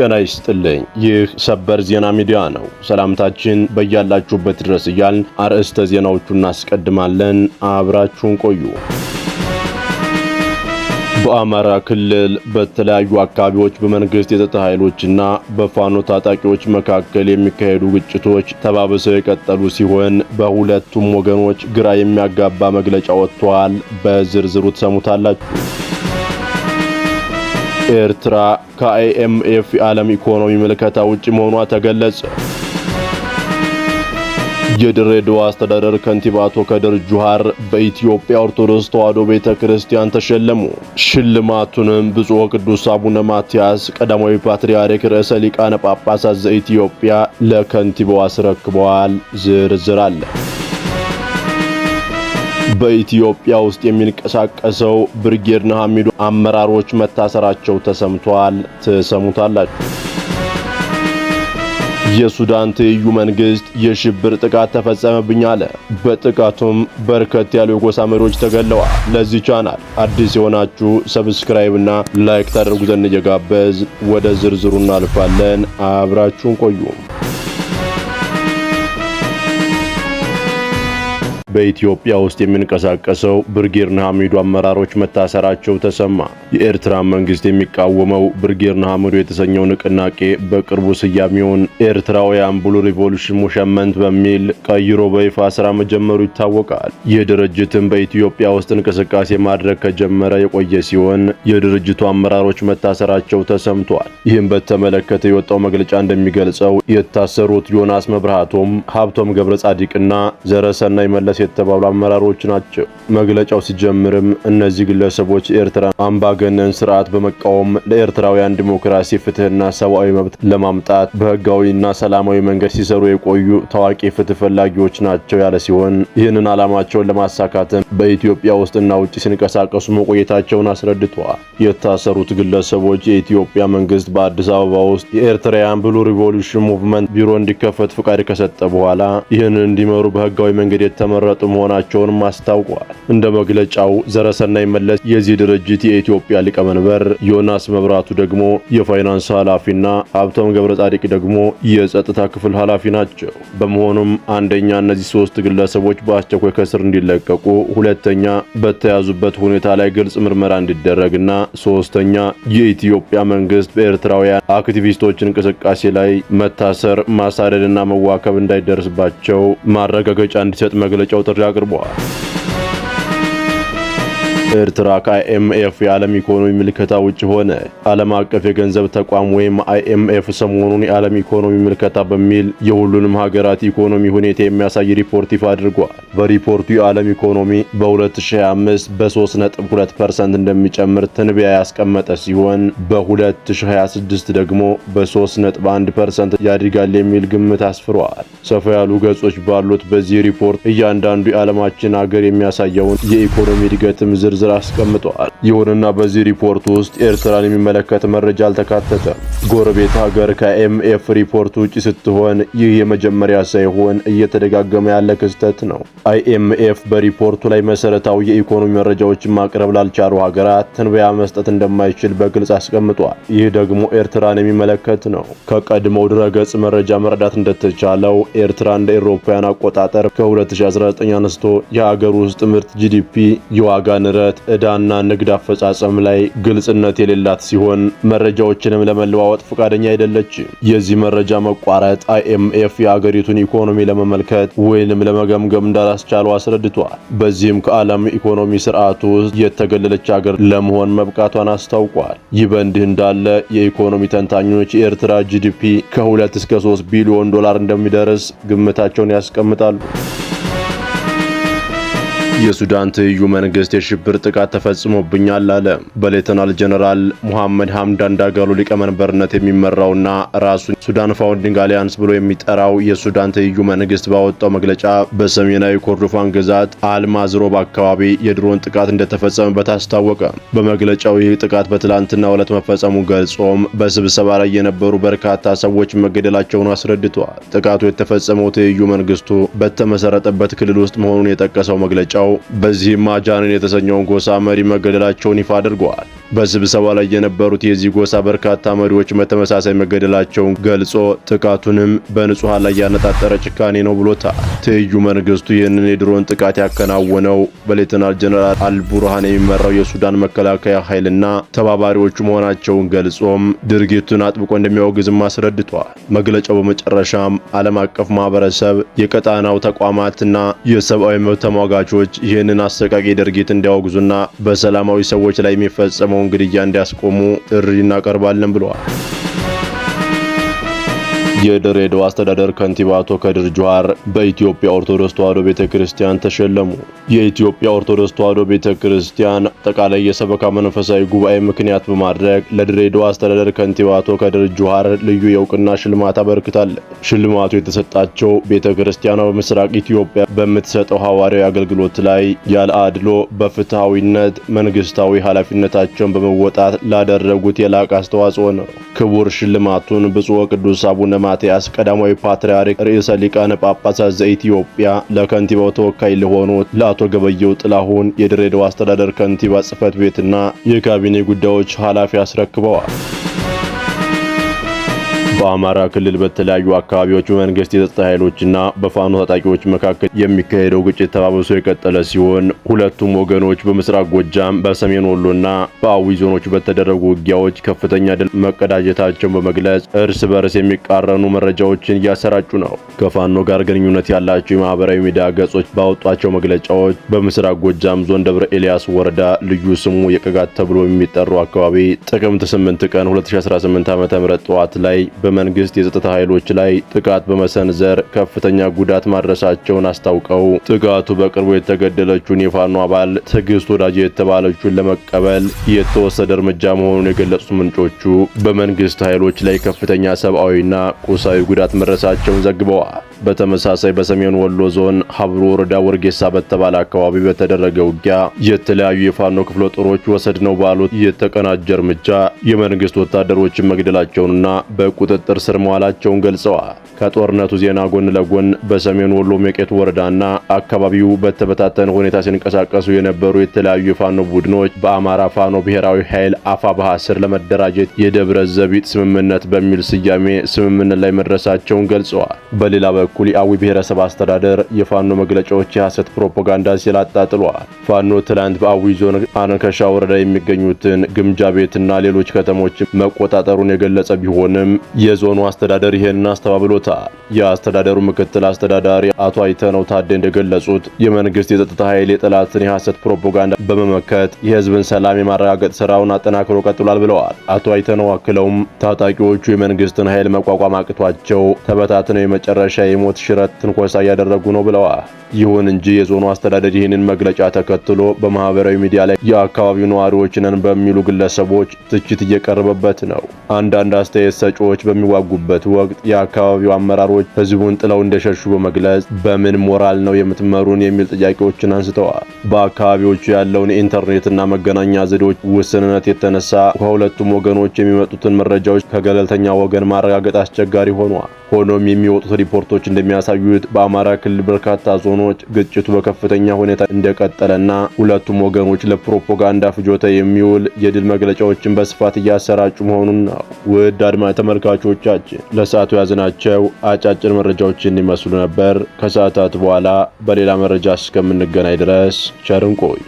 ጤና ይስጥልኝ። ይህ ሰበር ዜና ሚዲያ ነው። ሰላምታችን በያላችሁበት ድረስ እያልን አርዕስተ ዜናዎቹ እናስቀድማለን። አብራችሁን ቆዩ። በአማራ ክልል በተለያዩ አካባቢዎች በመንግስት የጸጥታ ኃይሎችና በፋኖ ታጣቂዎች መካከል የሚካሄዱ ግጭቶች ተባብሰው የቀጠሉ ሲሆን በሁለቱም ወገኖች ግራ የሚያጋባ መግለጫ ወጥቷል። በዝርዝሩ ትሰሙታላችሁ። ኤርትራ ከአይኤምኤፍ የዓለም ኢኮኖሚ ምልከታ ውጭ መሆኗ ተገለጸ። የድሬዳዋ አስተዳደር ከንቲባ አቶ ከድር ጁሃር በኢትዮጵያ ኦርቶዶክስ ተዋሕዶ ቤተ ክርስቲያን ተሸለሙ። ሽልማቱንም ብፁዕ ወቅዱስ አቡነ ማትያስ ቀዳማዊ ፓትርያርክ ርዕሰ ሊቃነ ጳጳሳት ዘኢትዮጵያ ለከንቲባው አስረክበዋል። ዝርዝር አለ። በኢትዮጵያ ውስጥ የሚንቀሳቀሰው ብርጌድ ንሓመዱ አመራሮች መታሰራቸው ተሰምቷል። ትሰሙታላችሁ። የሱዳን ትይዩ መንግስት የሽብር ጥቃት ተፈጸመብኝ አለ። በጥቃቱም በርከት ያሉ የጎሳ መሪዎች ተገለዋል። ለዚህ ቻናል አዲስ የሆናችሁ ሰብስክራይብ እና ላይክ ታደርጉ ዘንድ እየጋበዝ ወደ ዝርዝሩ እናልፋለን። አብራችሁን ቆዩ። በኢትዮጵያ ውስጥ የሚንቀሳቀሰው ብርጌር ንሓመዱ አመራሮች መታሰራቸው ተሰማ። የኤርትራ መንግስት የሚቃወመው ብርጌር ንሓመዱ የተሰኘው ንቅናቄ በቅርቡ ስያሜውን ኤርትራውያን ብሉ ሪቮሉሽን ሙሸመንት በሚል ቀይሮ በይፋ ስራ መጀመሩ ይታወቃል። ይህ ድርጅትም በኢትዮጵያ ውስጥ እንቅስቃሴ ማድረግ ከጀመረ የቆየ ሲሆን የድርጅቱ አመራሮች መታሰራቸው ተሰምቷል። ይህም በተመለከተ የወጣው መግለጫ እንደሚገልጸው የታሰሩት ዮናስ መብርሃቶም፣ ሀብቶም ገብረ ጻዲቅና ዘረሰናይ መለስ የተባሉ አመራሮች ናቸው። መግለጫው ሲጀምርም እነዚህ ግለሰቦች የኤርትራ አምባገነን ስርዓት በመቃወም ለኤርትራውያን ዲሞክራሲ፣ ፍትህና ሰብአዊ መብት ለማምጣት በህጋዊና ሰላማዊ መንገድ ሲሰሩ የቆዩ ታዋቂ ፍትህ ፈላጊዎች ናቸው ያለ ሲሆን ይህንን ዓላማቸውን ለማሳካትም በኢትዮጵያ ውስጥና ውጭ ሲንቀሳቀሱ መቆየታቸውን አስረድተዋል። የታሰሩት ግለሰቦች የኢትዮጵያ መንግስት በአዲስ አበባ ውስጥ የኤርትራውያን ብሉ ሪቮሉሽን ሙቭመንት ቢሮ እንዲከፈት ፍቃድ ከሰጠ በኋላ ይህንን እንዲመሩ በህጋዊ መንገድ የተመረ የተመረጡ መሆናቸውንም አስታውቋል። እንደ መግለጫው ዘረሰናይ መለስ የዚህ ድርጅት የኢትዮጵያ ሊቀመንበር፣ ዮናስ መብራቱ ደግሞ የፋይናንስ ኃላፊና ሀብቶም ገብረ ጻዲቅ ደግሞ የጸጥታ ክፍል ኃላፊ ናቸው። በመሆኑም አንደኛ እነዚህ ሶስት ግለሰቦች በአስቸኳይ ከስር እንዲለቀቁ፣ ሁለተኛ በተያዙበት ሁኔታ ላይ ግልጽ ምርመራ እንዲደረግና ሶስተኛ የኢትዮጵያ መንግስት በኤርትራውያን አክቲቪስቶች እንቅስቃሴ ላይ መታሰር ማሳደድና መዋከብ እንዳይደርስባቸው ማረጋገጫ እንዲሰጥ መግለጫ autor já agarboar. ኤርትራ ከአይኤምኤፍ የዓለም ኢኮኖሚ ምልከታ ውጭ ሆነ። ዓለም አቀፍ የገንዘብ ተቋም ወይም አይኤምኤፍ ሰሞኑን የዓለም ኢኮኖሚ ምልከታ በሚል የሁሉንም ሀገራት ኢኮኖሚ ሁኔታ የሚያሳይ ሪፖርት ይፋ አድርጓል። በሪፖርቱ የዓለም ኢኮኖሚ በ2025 በ3.2% እንደሚጨምር ትንቢያ ያስቀመጠ ሲሆን በ2026 ደግሞ በ3.1% ያድጋል የሚል ግምት አስፍሯል። ሰፋ ያሉ ገጾች ባሉት በዚህ ሪፖርት እያንዳንዱ የዓለማችን ሀገር የሚያሳየውን የኢኮኖሚ እድገትም ዝርዝር ዝርዝር አስቀምጧል። ይሁንና በዚህ ሪፖርት ውስጥ ኤርትራን የሚመለከት መረጃ አልተካተተም። ጎረቤት ሀገር ከኤምኤፍ ሪፖርት ውጭ ስትሆን ይህ የመጀመሪያ ሳይሆን እየተደጋገመ ያለ ክስተት ነው። አይኤምኤፍ በሪፖርቱ ላይ መሰረታዊ የኢኮኖሚ መረጃዎችን ማቅረብ ላልቻሉ ሀገራት ትንበያ መስጠት እንደማይችል በግልጽ አስቀምጧል። ይህ ደግሞ ኤርትራን የሚመለከት ነው። ከቀድሞው ድረገጽ መረጃ መረዳት እንደተቻለው ኤርትራ እንደ ኤሮፓውያን አቆጣጠር ከ2019 አንስቶ የሀገር ውስጥ ምርት ጂዲፒ፣ የዋጋ ንረ ግንኙነት፣ ዕዳና ንግድ አፈጻጸም ላይ ግልጽነት የሌላት ሲሆን መረጃዎችንም ለመለዋወጥ ፈቃደኛ አይደለችም። የዚህ መረጃ መቋረጥ አይኤምኤፍ የአገሪቱን ኢኮኖሚ ለመመልከት ወይንም ለመገምገም እንዳላስቻለው አስረድቷል። በዚህም ከዓለም ኢኮኖሚ ስርዓቱ ውስጥ የተገለለች አገር ለመሆን መብቃቷን አስታውቋል። ይህ በእንዲህ እንዳለ የኢኮኖሚ ተንታኞች የኤርትራ ጂዲፒ ከ2 እስከ 3 ቢሊዮን ዶላር እንደሚደርስ ግምታቸውን ያስቀምጣሉ። የሱዳን ትይዩ መንግስት የሽብር ጥቃት ተፈጽሞብኛል አለ። በሌተናል ጀነራል ሙሐመድ ሐምዳን ዳጋሎ ሊቀመንበርነት የሚመራውና ራሱን ሱዳን ፋውንዲንግ አሊያንስ ብሎ የሚጠራው የሱዳን ትይዩ መንግስት ባወጣው መግለጫ በሰሜናዊ ኮርዶፋን ግዛት አልማዝሮብ አካባቢ የድሮን ጥቃት እንደተፈጸመበት አስታወቀ። በመግለጫው ይህ ጥቃት በትላንትና ዕለት መፈጸሙ ገልጾም በስብሰባ ላይ የነበሩ በርካታ ሰዎች መገደላቸውን አስረድቷል። ጥቃቱ የተፈጸመው ትይዩ መንግስቱ በተመሰረተበት ክልል ውስጥ መሆኑን የጠቀሰው መግለጫው በዚህም አጃንን የተሰኘውን ጎሳ መሪ መገደላቸውን ይፋ አድርገዋል። በስብሰባ ላይ የነበሩት የዚህ ጎሳ በርካታ መሪዎች በተመሳሳይ መገደላቸውን ገልጾ ጥቃቱንም በንጹሐን ላይ ያነጣጠረ ጭካኔ ነው ብሎታል። ትይዩ መንግስቱ ይህንን የድሮን ጥቃት ያከናወነው በሌተናል ጀነራል አልቡርሃን የሚመራው የሱዳን መከላከያ ኃይልና ተባባሪዎቹ መሆናቸውን ገልጾም ድርጊቱን አጥብቆ እንደሚያወግዝም አስረድቷል። መግለጫው በመጨረሻም ዓለም አቀፍ ማህበረሰብ፣ የቀጣናው ተቋማትና የሰብአዊ መብት ተሟጋቾች ይህንን አሰቃቂ ድርጊት እንዲያወግዙና በሰላማዊ ሰዎች ላይ የሚፈጸመው የተፈጸመውን ግድያ እንዲያስቆሙ ጥሪ እናቀርባለን ብለዋል። የድሬዳዋ አስተዳደር ከንቲባ አቶ ከድር ጁሃር በኢትዮጵያ ኦርቶዶክስ ተዋሕዶ ቤተክርስቲያን ተሸለሙ። የኢትዮጵያ ኦርቶዶክስ ተዋሕዶ ቤተክርስቲያን አጠቃላይ የሰበካ መንፈሳዊ ጉባኤ ምክንያት በማድረግ ለድሬዳዋ አስተዳደር ከንቲባ አቶ ከድር ጁሃር ልዩ የእውቅና ሽልማት አበርክታል። ሽልማቱ የተሰጣቸው ቤተክርስቲያኗ በምስራቅ ኢትዮጵያ በምትሰጠው ሐዋርያዊ አገልግሎት ላይ ያለ አድሎ በፍትሐዊነት መንግስታዊ ኃላፊነታቸውን በመወጣት ላደረጉት የላቀ አስተዋጽኦ ነው። ክቡር ሽልማቱን ብፁዕ ቅዱስ አቡነ ማትያስ ቀዳማዊ ፓትርያርክ ርዕሰ ሊቃነ ጳጳሳት ዘኢትዮጵያ ለከንቲባው ተወካይ ለሆኑት ለአቶ ገበየው ጥላሁን የድሬዳዋ አስተዳደር ከንቲባ ጽህፈት ቤትና የካቢኔ ጉዳዮች ኃላፊ አስረክበዋል። በአማራ ክልል በተለያዩ አካባቢዎች በመንግስት የጸጥታ ኃይሎችና በፋኖ ታጣቂዎች መካከል የሚካሄደው ግጭት ተባብሶ የቀጠለ ሲሆን ሁለቱም ወገኖች በምስራቅ ጎጃም፣ በሰሜን ወሎና በአዊ ዞኖች በተደረጉ ውጊያዎች ከፍተኛ ድል መቀዳጀታቸውን በመግለጽ እርስ በርስ የሚቃረኑ መረጃዎችን እያሰራጩ ነው። ከፋኖ ጋር ግንኙነት ያላቸው የማህበራዊ ሚዲያ ገጾች ባወጧቸው መግለጫዎች በምስራቅ ጎጃም ዞን ደብረ ኤልያስ ወረዳ ልዩ ስሙ የቀጋት ተብሎ የሚጠራው አካባቢ ጥቅምት 8 ቀን 2018 ዓ.ም ጠዋት ላይ በመንግስት የጸጥታ ኃይሎች ላይ ጥቃት በመሰንዘር ከፍተኛ ጉዳት ማድረሳቸውን አስታውቀው ጥቃቱ በቅርቡ የተገደለችውን የፋኖ አባል ትዕግስት ወዳጅ የተባለችውን ለመቀበል የተወሰደ እርምጃ መሆኑን የገለጹ ምንጮቹ በመንግስት ኃይሎች ላይ ከፍተኛ ሰብአዊና ቁሳዊ ጉዳት መድረሳቸውን ዘግበዋል። በተመሳሳይ በሰሜን ወሎ ዞን ሀብሩ ወረዳ ወርጌሳ በተባለ አካባቢ በተደረገ ውጊያ የተለያዩ የፋኖ ክፍለ ጦሮች ወሰድ ነው ባሉት የተቀናጀ እርምጃ የመንግስት ወታደሮችን መግደላቸውንና በቁጥጥር ስር መዋላቸውን ገልጸዋል። ከጦርነቱ ዜና ጎን ለጎን በሰሜን ወሎ መቄት ወረዳና አካባቢው በተበታተነ ሁኔታ ሲንቀሳቀሱ የነበሩ የተለያዩ የፋኖ ቡድኖች በአማራ ፋኖ ብሔራዊ ኃይል አፋብኃ ስር ለመደራጀት የደብረ ዘቢጥ ስምምነት በሚል ስያሜ ስምምነት ላይ መድረሳቸውን ገልጸዋል። በሌላ በኩል የአዊ ብሔረሰብ አስተዳደር የፋኖ መግለጫዎች የሐሰት ፕሮፓጋንዳ ሲል አጣጥሏል። ፋኖ ትላንት በአዊ ዞን አነከሻ ወረዳ የሚገኙትን ግምጃ ቤትና ሌሎች ከተሞች መቆጣጠሩን የገለጸ ቢሆንም የዞኑ አስተዳደር ይህንን አስተባብሎታል። የአስተዳደሩ ምክትል አስተዳዳሪ አቶ አይተነው ታዴ እንደገለጹት የመንግስት የጸጥታ ኃይል የጠላትን የሐሰት ፕሮፓጋንዳ በመመከት የህዝብን ሰላም የማረጋገጥ ስራውን አጠናክሮ ቀጥሏል ብለዋል። አቶ አይተነው አክለውም ታጣቂዎቹ የመንግስትን ኃይል መቋቋም አቅቷቸው ተበታትነው የመጨረሻ የሞት ሽረት ትንኮሳ እያደረጉ ነው ብለዋል። ይሁን እንጂ የዞኑ አስተዳደር ይህንን መግለጫ ተከትሎ በማህበራዊ ሚዲያ ላይ የአካባቢው ነዋሪዎች ነን በሚሉ ግለሰቦች ትችት እየቀረበበት ነው። አንዳንድ አስተያየት ሰጪዎች በሚዋጉበት ወቅት የአካባቢው አመራሮች ህዝቡን ጥለው እንደሸሹ በመግለጽ በምን ሞራል ነው የምትመሩን የሚል ጥያቄዎችን አንስተዋል። በአካባቢዎቹ ያለውን የኢንተርኔትና መገናኛ ዘዴዎች ውስንነት የተነሳ ከሁለቱም ወገኖች የሚመጡትን መረጃዎች ከገለልተኛ ወገን ማረጋገጥ አስቸጋሪ ሆኗል። ሆኖም የሚወጡት ሪፖርቶች እንደሚያሳዩት በአማራ ክልል በርካታ ዞኖች ግጭቱ በከፍተኛ ሁኔታ እንደቀጠለና ሁለቱም ወገኖች ለፕሮፓጋንዳ ፍጆታ የሚውል የድል መግለጫዎችን በስፋት እያሰራጩ መሆኑን ነው። ውድ አድማ ተመልካቾቻችን ለሰዓቱ ያዝናቸው አጫጭር መረጃዎች እንዲመስሉ ነበር። ከሰዓታት በኋላ በሌላ መረጃ እስከምንገናኝ ድረስ ቸርንቆይ።